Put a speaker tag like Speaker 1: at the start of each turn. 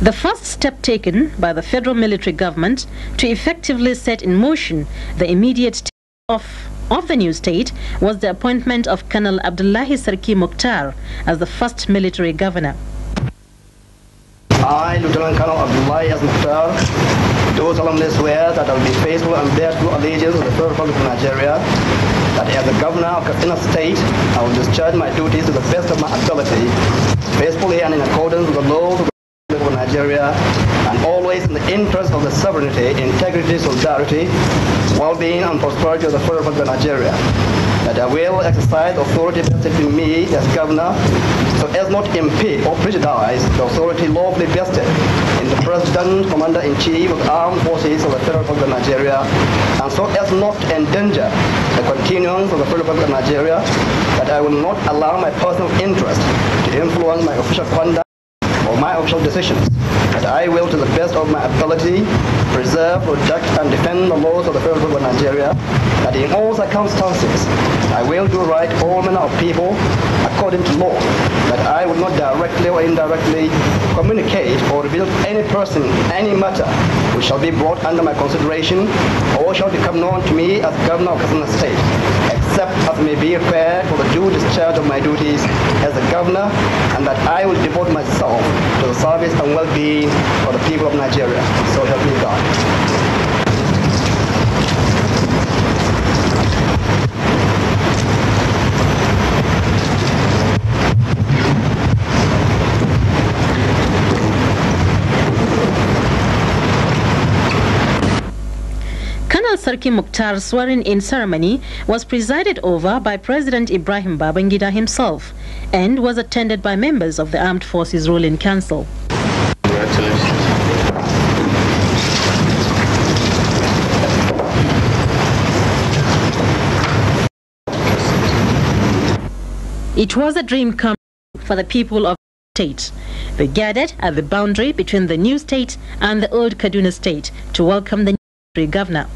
Speaker 1: The first step taken by the federal military government to effectively set in motion the immediate off of the new state was the appointment of Colonel Abdullahi Sarki Mukhtar as the first military governor.
Speaker 2: I, Lieutenant Colonel Abdullahi S. Mukhtar, do solemnly swear that I will be faithful and bear true allegiance to the Federal Republic of Nigeria, that as the governor of Katsina State, I will discharge my duties to the best of my ability, faithfully and in accordance with the Nigeria and always in the interest of the sovereignty, integrity, solidarity, well-being and prosperity of the Federal Republic of Nigeria. That I will exercise authority vested in me as governor so as not impede or prejudice the authority lawfully vested in the President, Commander-in-Chief of the Armed Forces of the Federal Republic of Nigeria, and so as not endanger the continuance of the Federal Republic of Nigeria, that I will not allow my personal interest to influence my official conduct my official decisions, that I will, to the best of my ability, preserve, protect, and defend the laws of the Federal Republic of Nigeria, that in all circumstances, I will do right all manner of people according to law, that I will not directly or indirectly communicate or reveal any person any matter which shall be brought under my consideration or shall become known to me as governor of Kazan State, except as may be required for discharge of my duties as a governor and that I will devote myself to the service and well-being for the people of Nigeria. So help me God.
Speaker 1: Colonel Sarki Muktar's swearing-in ceremony was presided over by President Ibrahim Babangida himself and was attended by members of the Armed Forces Ruling Council. It was a dream come for the people of the state. They gathered at the boundary between the new state and the old Kaduna state to welcome the new governor.